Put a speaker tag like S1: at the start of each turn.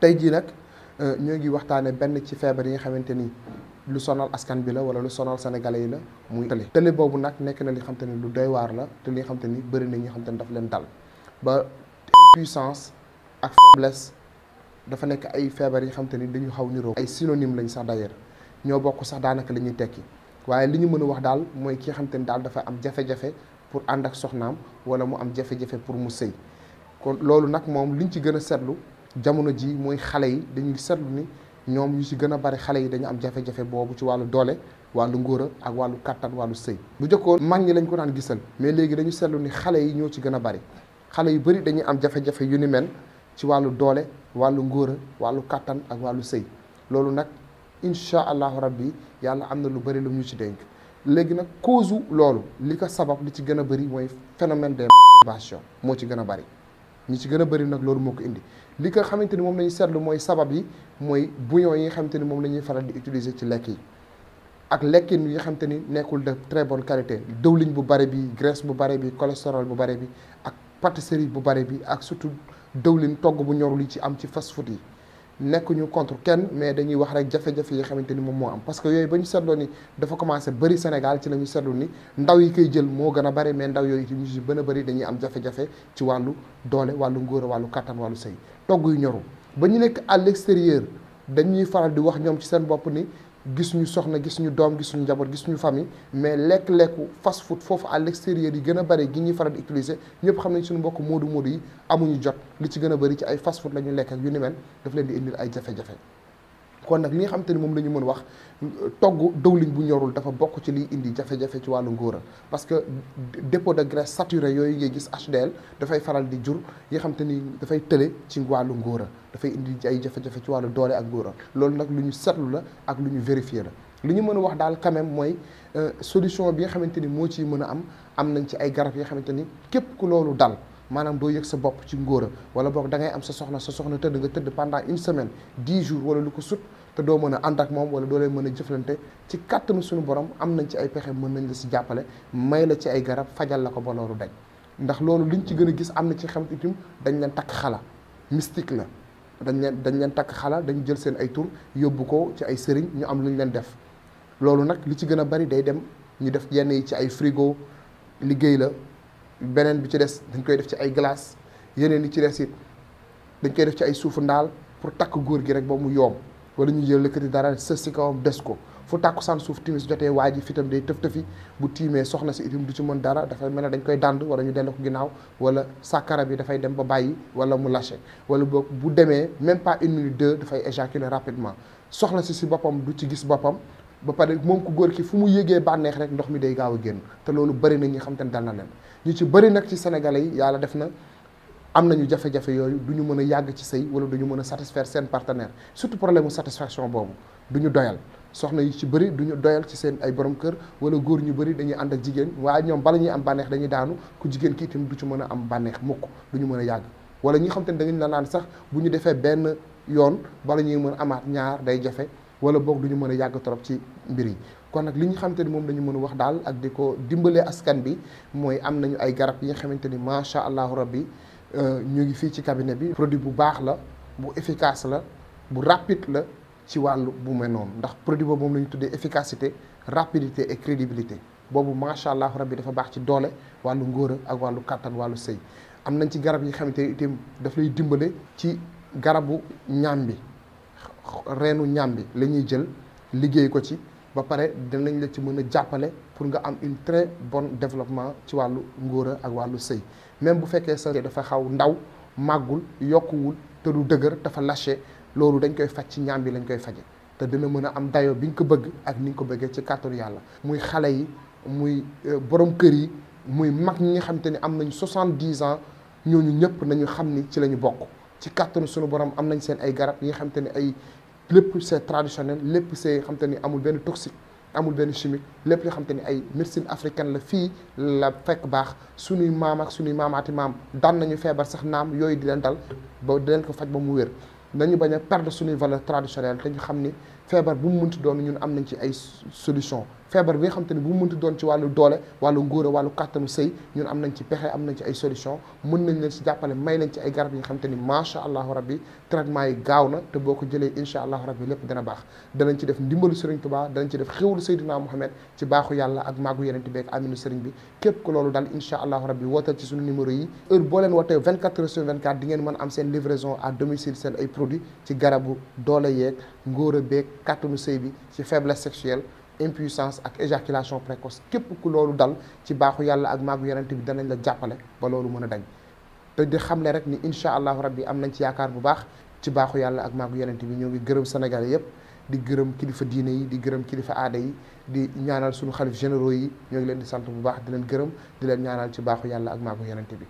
S1: tey jii nag euh, ñoo ngi waxtaane benn ci feebar yi nga xamante ni lu sonal askan bi la wala lu sonal sénégalais yi la muy tële tële boobu nag nekk na li xam ni lu doy waar la te li nga ni bëri na ñi nga xam te ni leen dal ba impuissance ak faiblesse dafa nekk ay feebar yi xam ni dañu xaw niroo ay synonyme lañ sax d'ailleurs ñoo bokk sax daanaka tekki waaye li ñu mën a wax daal mooy ki nga daal dafa am jafe-jafe pour ànd ak soxnaam wala mu am jafe-jafe pour mu sëy kon loolu nag moom liñ ci gën a seetlu jamono ji mooy xale yi dañuy seetlu ni ñoom yu si gën a bari xale yi dañu am jafe-jafe boobu ci wàllu doole wàllu ngóora ak wàllu kàttan wàllu sëy bu jëkkoon mag ñi lañ ko daan gisal mais léegi dañu seetlu ni xale yi ñoo ci gën a bari xale yu bari dañuy am jafe yu ni mel ci wàllu doole wàllu ngóora wàllu kàttan ak wàllu sëy loolu nag incha allahu rabbi yàlla am na lu bari lu ñu ci dénk léegi nag cause loolu li ko sabab li ci gën a bari mooy phénomène de masturbation moo ci gën a bari ñi ci gën a bëri nag loolu moo ko indi li nga xamante ni moom la ñu seetlu mooy sabab yi mooy bouillon yi nga xamante ni moom la ñuy faral di utiliser ci lekk yi ak lekkin yi nga xamante ni nekkul de très bonne qualité dëwliñ bu bare bi graisse bu bare bi cholestérol bu bare bi ak pâtisserie bu bare bi ak surtout dëwlin togg bu ñorul yi ci am ci fast food yi nekkuñu contre kenn mais dañuy wax rek jafe-jafe yi xamante ni moom moo am parce que yooyu ba ñu seetloo ni dafa commencé bëri Sénégal ci la ñu seetlu ni ndaw yi koy jël moo gën a bëri mais ndaw yooyu ñu si gën a bëri dañuy am jafe-jafe ci wàllu doole wàllu ngóor wàllu kattan wàllu sëy togg yu ñoru ba ñu nekk à l'extérieur dañuy faral di wax ñoom ci seen bopp ni gis ñu soxna gis ñu doom gis ñu njaboot gis ñu famille mais lekk-lekku fast food foofu à l'extérieur yi gën a bëri gi ñuy faral di utiliser ñëpp xam nañ suñu mbokk moodu moodu yi amuñu jot li ci gën a bëri ci ay fast food lañuy ñu lekk ak yu ni mel daf leen di indil ay jafe-jafe kon nag li nga xam te ni moom la ñu mën wax togg dëwlin bu ñorul dafa bokk ci liy indi jafe-jafe ci wàllu ngóora parce que dépôt de graisse saturée yooyu ngay gis HDL dafay faral di jur yi xam te ni dafay tële ci wàllu ngóora dafay indi ay jafe-jafe ci wàllu doole ak ngóora loolu nag lu ñu seetlu la ak lu ñu vérifier la li ñu mën a wax daal quand même mooy euh, solution bi nga xamante ni moo ciy mën a am am nañ ci ay garab yi nga xamante ni képp ku loolu dal maanaam doo yëg sa bopp ci ngóora wala book da ngay am sa soxna sa soxna tëdd nga tëdd pendant une semaine dix jours wala lu ko sut te doo mën a ànd ak moom wala doo leen mën a jëflante ci kàttanu suñu borom am nañ ci ay pexe mën nañ la si jàppale may la ci ay garab fajal la ko ba loolu dañ ndax loolu liñ ci gën a gis am na ci xem itam dañ leen takk xala mystique la dañ leen dañ leen takk xala dañ jël seen ay tur yóbbu ko ci ay sëriñ ñu am lu ñu leen def loolu nag li ci gën a bari day dem ñu def yenn ci ay frigo liggéey la beneen bi ci des dañ koy def ci ay glace yeneen yi ci des it dañ koy def ci ay suufu ndaal pour takk góor gi rek ba mu yoom wala ñu jël lëkkati dara sës si kawam des ko fu tàkkusaan suuf timis jotee waa ji fitam day tëf-tëfi bu tiimee soxna si itam du ci mën dara dafay mel ne dañ koy dànd wala ñu dell ko ginnaaw wala sàkkara bi dafay dem ba bàyyi wala mu lâché wala boog bu demee même pas une minute deux dafay éjaculer rapidement soxna si si boppam du ci gis boppam ba pare moom ku góor ki fu mu yëgee bànneex rek ndox mi day gaaw a génn te loolu bëri na ñi xam te ne dal na leen ñu ci bëri nag ci sénégalais yi yàlla def na am nañu jafe-jafe yooyu du ñu mën a yàgg ci sëy wala du ñu mën a satisfaire seen partenaire surtout problème mu satisfaction boobu du doyal soxna yi ci bëri du ñu doyal ci seen ay borom kër wala góor ñu bëri dañuy ànd ak jigéen waaye ñoom bala ñuy am bànneex dañuy daanu ku jigéen ki itam du ci mën a am bànneex mukk du ñu mën a yàgg wala ñi xam te ne da ngañ la naan sax bu ñu defee benn yoon bala ñuy mën amaat ñaar day jafe wala boog du ñu mën a yàgg trop ci mbir yi kon nag li ñu xamante ni moom la ñu mën a wax daal ak di ko dimbalee askan bi mooy am nañu ay garab yi nga xamante ni macha allahu rabbi euh, ñu ngi fii ci cabinet bi. produit bu baax la bu efficace la bu rapide la ci wàllu bu mel noonu ndax produit boobu moom la ñu tuddee efficacité rapidité et boobu macha allahu rabbi dafa baax ci doole wàllu ngóora ak wàllu kàttan wàllu sëy am nañ ci garab yi nga xamante ni itam daf lay dimbale ci garabu ñaam bi. reenu ñam bi la ñuy jël liggéey ko ci ba pare dinañ la ci mën a pour nga am une très bonne développement ci Walu Ngora ak Walu Sey. même bu fekkee sa dafa xaw ndaw magul, yokkuwul te du dëgër dafa lâché lolu dañ koy faj ci ñam bi lañ koy faje te dina mën a am dayo biñ ko bëgg ak niñ ko bëggé ci kàttanu yalla muy xalé yi muy euh, borom kër yi muy mag ñi nga xam te am nañ 70 dix ans ñooñu ñëpp nañu xamni ci lañu bokk ci kàttanu sunu borom am nañ seen ay garab yi nga xam ne ay lépp c'est traditionnel lépp c'est xam ni amul benn toxique amul benn chimique lépp li xam ni ay médecine africaine la fii la fekk baax suñuy maam ak suñuy maamaati maam daan nañu feebar sax naam yooyu di leen dal ba di leen ko faj ba mu wér nañu bañ a perdre suñuy valeur traditionnelle te ñu xam ni feebar bu mu mënti doon ñun am nañ ci ay solution feebar bi nga xamante ni bu mu mënti doon ci wàllu doole wàllu ngóor wàllu kàttanu sëy ñun am nañ ci pexe am nañ ci ay solution mën nañ leen si jàppale may nañ ci ay garab yi nga xamante ni macha allahu rabbi traitement yi gaaw na te boo ko jëlee incha allahu rabbi lépp dana baax danañ ci def ndimbalu sëriñ Tuubaa danañ ci def xéwalu Seydina Muhammad ci baaxu yàlla ak màggu yeneen ti beek aminu sëriñ bi képp ko loolu daal incha allahu rabbi wootal ci suñu numéro yi heure boo leen wootee vingt quatre heures sur vingt quatre di ngeen mën am seen livraison à domicile seen ay produit ci garabu doole yeeg ngóor a beek kàttanu sëy bi ci faiblesse sexuelle impuissance ak éjaculation précoce képp ku loolu dal ci baaxu yàlla ak maagu yonent bi danañ la jàppale ba loolu mën a dañ te di xamle rek ni inshallah allahu rabbi am nañ ci yaakaar bu baax ci baaxu yalla ak maagu yonent bi ñoo ngi gërëm Sénégalais yépp di gërëm kilifa diine yi di gërëm kilifa aada yi di ñaanal suñu xalif généraux yi ñoo ngi leen di sant bu baax di leen gërëm di leen ñaanal ci baaxu yalla ak maagu yonent bi